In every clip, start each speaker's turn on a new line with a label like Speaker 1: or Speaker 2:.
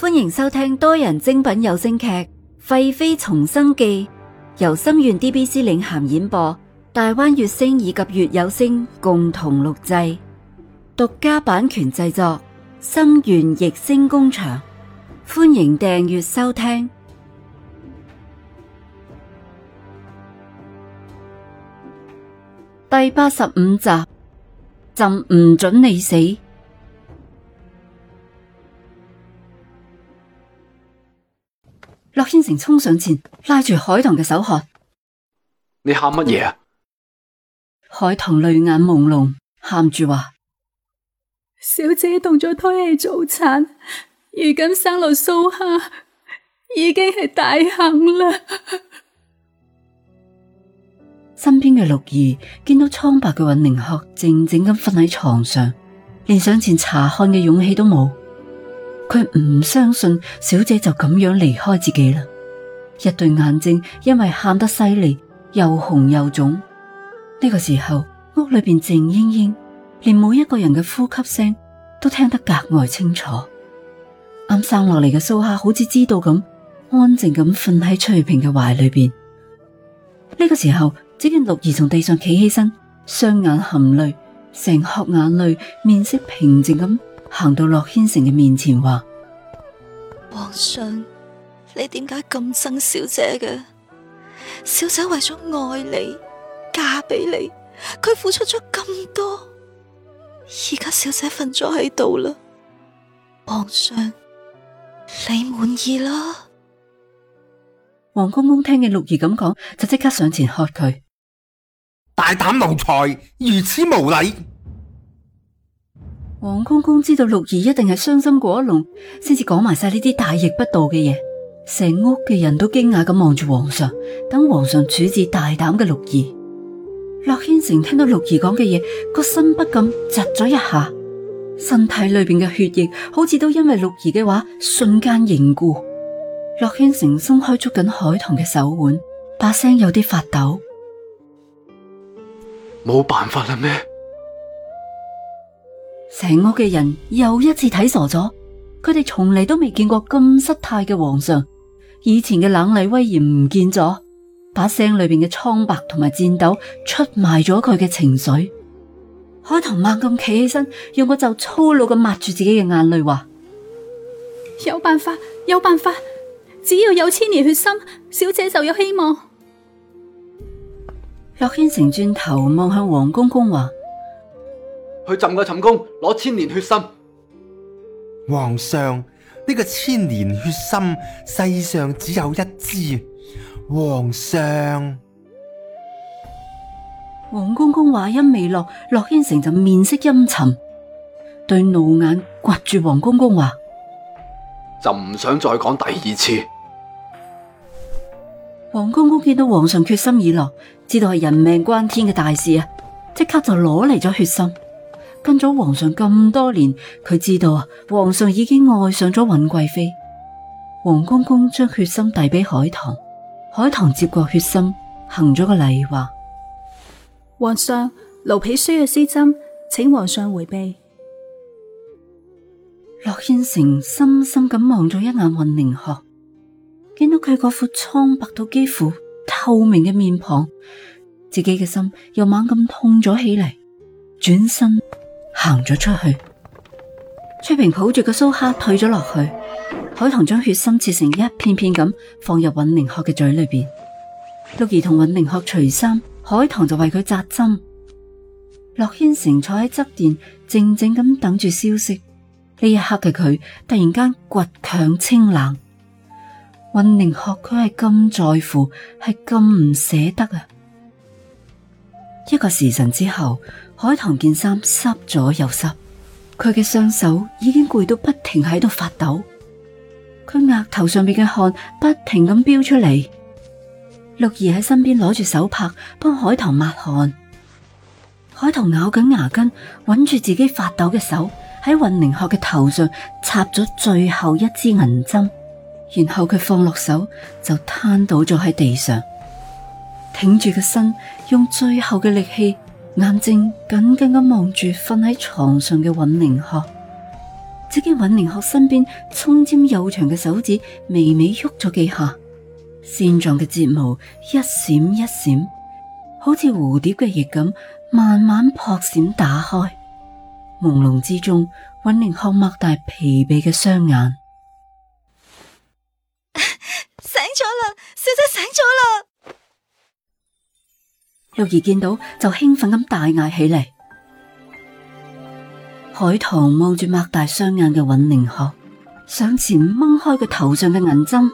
Speaker 1: 歡迎收聽多人精品有聲劇《廢妃重生記》，由心願 D B C 領銜演播，大灣月星以及月有聲共同錄製，獨家版權製作，心願逸星工場。歡迎訂閱收聽第八十五集，朕唔准你死。駱軒成衝上前拉住海棠嘅手，喊：你喊乜嘢啊？海棠淚眼朦朧，喊住話：小姐動咗胎氣早產，如今生落蘇蝦，已經係大幸啦。身邊嘅六兒見到蒼白嘅尹寧鶴，靜靜咁瞓喺床上，連上前查看嘅勇氣都冇。佢唔相信小姐就咁樣離開自己啦，一對眼睛因為喊得犀利，又紅又腫。呢個時候屋裏邊靜煙煙，連每一個人嘅呼吸聲都聽得格外清楚。啱生落嚟嘅蘇蝦好似知道咁，安靜咁瞓喺翠平嘅懷裏邊。呢個時候只見六兒從地上企起身，雙眼含淚，成殼眼淚，面色平靜咁，行到洛軒成嘅面前，話：皇上，你點解咁憎小姐嘅？小姐為咗愛你嫁俾你，佢付出咗咁多，而家小姐瞓咗喺度啦。皇上，你滿意啦？黃公公聽見六兒咁講，就即刻上前喝佢：大膽奴才，如此無禮！王公公知道六兒一定係傷心過一龍，先至講埋晒呢啲大逆不道嘅嘢。成屋嘅人都驚訝咁望住皇上，等皇上處置大膽嘅六兒。駱軒成聽到六兒講嘅嘢，個心不禁窒咗一下，身體裏邊嘅血液好似都因為六兒嘅話瞬間凝固。駱軒成鬆開捉緊海棠嘅手腕，把聲有啲發抖。冇辦法啦咩？成屋嘅人又一次睇傻咗，佢哋從嚟都未見過咁失態嘅皇上，以前嘅冷厲威嚴唔見咗，把聲裏邊嘅蒼白同埋顫抖出賣咗佢嘅情緒。海棠猛咁企起身，用個就粗魯咁抹住自己嘅眼淚，話：有辦法，有辦法，只要有千年血心，小姐就有希望。駱軒成轉頭望向王公公話。佢浸個寢宮，攞千年血心。皇上，呢個千年血心，世上只有一支。皇上，王公公話音未落，駱軒成就面色陰沉，對怒眼掘住王公公話，就唔想再講第二次。王公公見到皇上決心已落，知道係人命關天嘅大事啊，即刻就攞嚟咗血心。跟咗皇上咁多年，佢知道啊，皇上已經愛上咗尹貴妃。黃公公將血心遞俾海棠，海棠接過血心，行咗個禮，話，皇上，奴婢需要施針，請皇上迴避。洛千成深深咁望咗一眼尹寧鶴，見到佢嗰副蒼白到幾乎透明嘅面龐，自己嘅心又猛咁痛咗起嚟，轉身，行咗出去，翠萍抱住個蘇蝦退咗落去。海棠將血心切成一片片咁放入尹寧學嘅嘴裏邊。都兒同尹寧學除衫，海棠就為佢扎針。洛軒成坐喺側殿，靜靜咁等住消息。呢一刻嘅佢突然間倔強清冷。尹寧學佢係咁在乎，係咁唔捨得啊！一個時辰之後，海棠件衫濕咗又濕，佢嘅雙手已經攰到不停喺度發抖，佢額頭上邊嘅汗不停咁飆出嚟。六兒喺身邊攞住手帕幫海棠抹汗，海棠咬緊牙根，穩住自己發抖嘅手，喺運靈鶴嘅頭上插咗最後一支銀針，然後佢放落手就癱倒咗喺地上。挺住個身，用最後嘅力氣，眼睛緊緊咁望住瞓喺床上嘅尹寧學。只見尹寧學身邊，蔥尖又長嘅手指微微喐咗幾下，線狀嘅睫毛一閃一閃，好似蝴蝶嘅翼咁，慢慢撲閃打開。朦朧之中，尹寧學擘大疲憊嘅雙眼。醒咗啦，小姐醒咗啦！玉兒見到就興奮咁大嗌起嚟，海棠望住擘大雙眼嘅尹寧鶴，上前掹開佢頭上嘅銀針，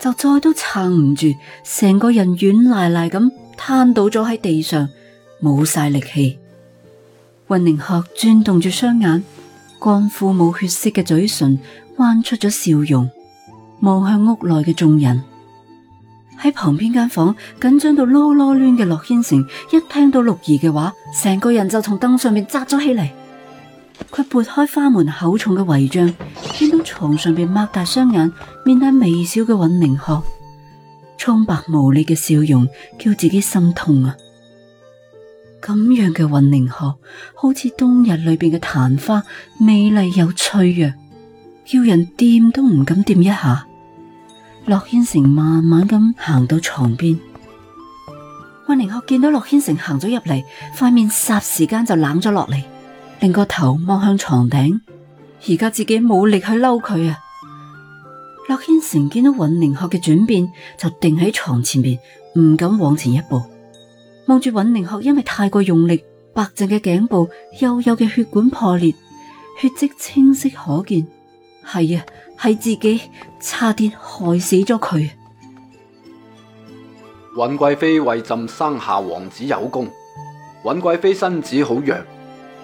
Speaker 1: 就再都撐唔住，成個人軟賴賴咁癱倒咗喺地上，冇晒力氣。尹寧鶴轉動住雙眼，乾枯冇血色嘅嘴唇彎出咗笑容，望向屋內嘅眾人。喺旁邊間房緊張到囉囉攣嘅洛軒成，一聽到六兒嘅話，成個人就從凳上面扎咗起嚟。佢撥開花門口重嘅帷帳，見到床上邊擘大雙眼、面帶微笑嘅尹寧鶴，蒼白無力嘅笑容叫自己心痛啊！咁樣嘅尹寧鶴，好似冬日裏邊嘅曇花，美麗又脆弱，叫人掂都唔敢掂一下。.洛軒成慢慢咁行到床邊，尹寧鶴見到洛軒成行咗入嚟，塊面霎時間就冷咗落嚟，令個頭望向床頂。而家自己冇力去嬲佢啊！洛軒成見到尹寧鶴嘅轉變，就定喺床前邊，唔敢往前一步，望住尹寧鶴，因為太過用力，白淨嘅頸部幼幼嘅血管破裂，血跡清晰可見。係啊。係自己差啲害死咗佢。尹貴妃為朕生下王子有功，尹貴妃身子好弱，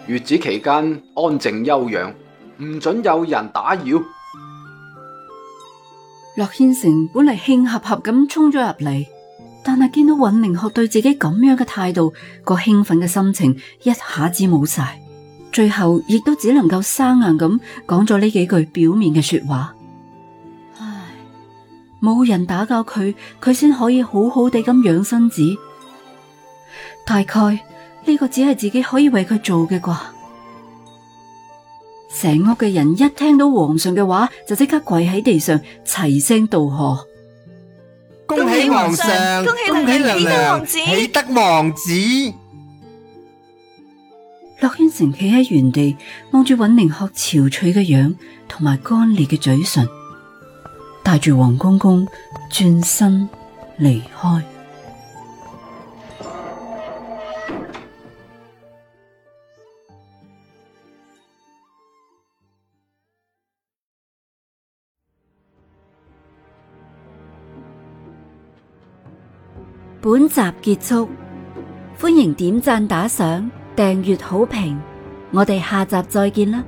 Speaker 1: 月子期間安靜休養，唔准有人打擾。洛軒成本嚟興合合咁衝咗入嚟，但係見到尹寧學對自己咁樣嘅態度，個興奮嘅心情一下子冇晒。最後亦都只能夠生硬咁講咗呢幾句表面嘅說話。唉，冇人打攪佢，佢先可以好好地咁養身子。大概呢個只係自己可以為佢做嘅啩。成屋嘅人一聽到皇上嘅話，就即刻跪喺地上，齊聲道賀：恭喜皇上，恭喜娘娘，喜得王子。霍軒成企喺原地，望住尹玲鶴憔悴嘅樣，同埋乾裂嘅嘴唇，帶住黃公公轉身離開。本集結束，歡迎點讚打賞。訂閱好評，我哋下集再見啦！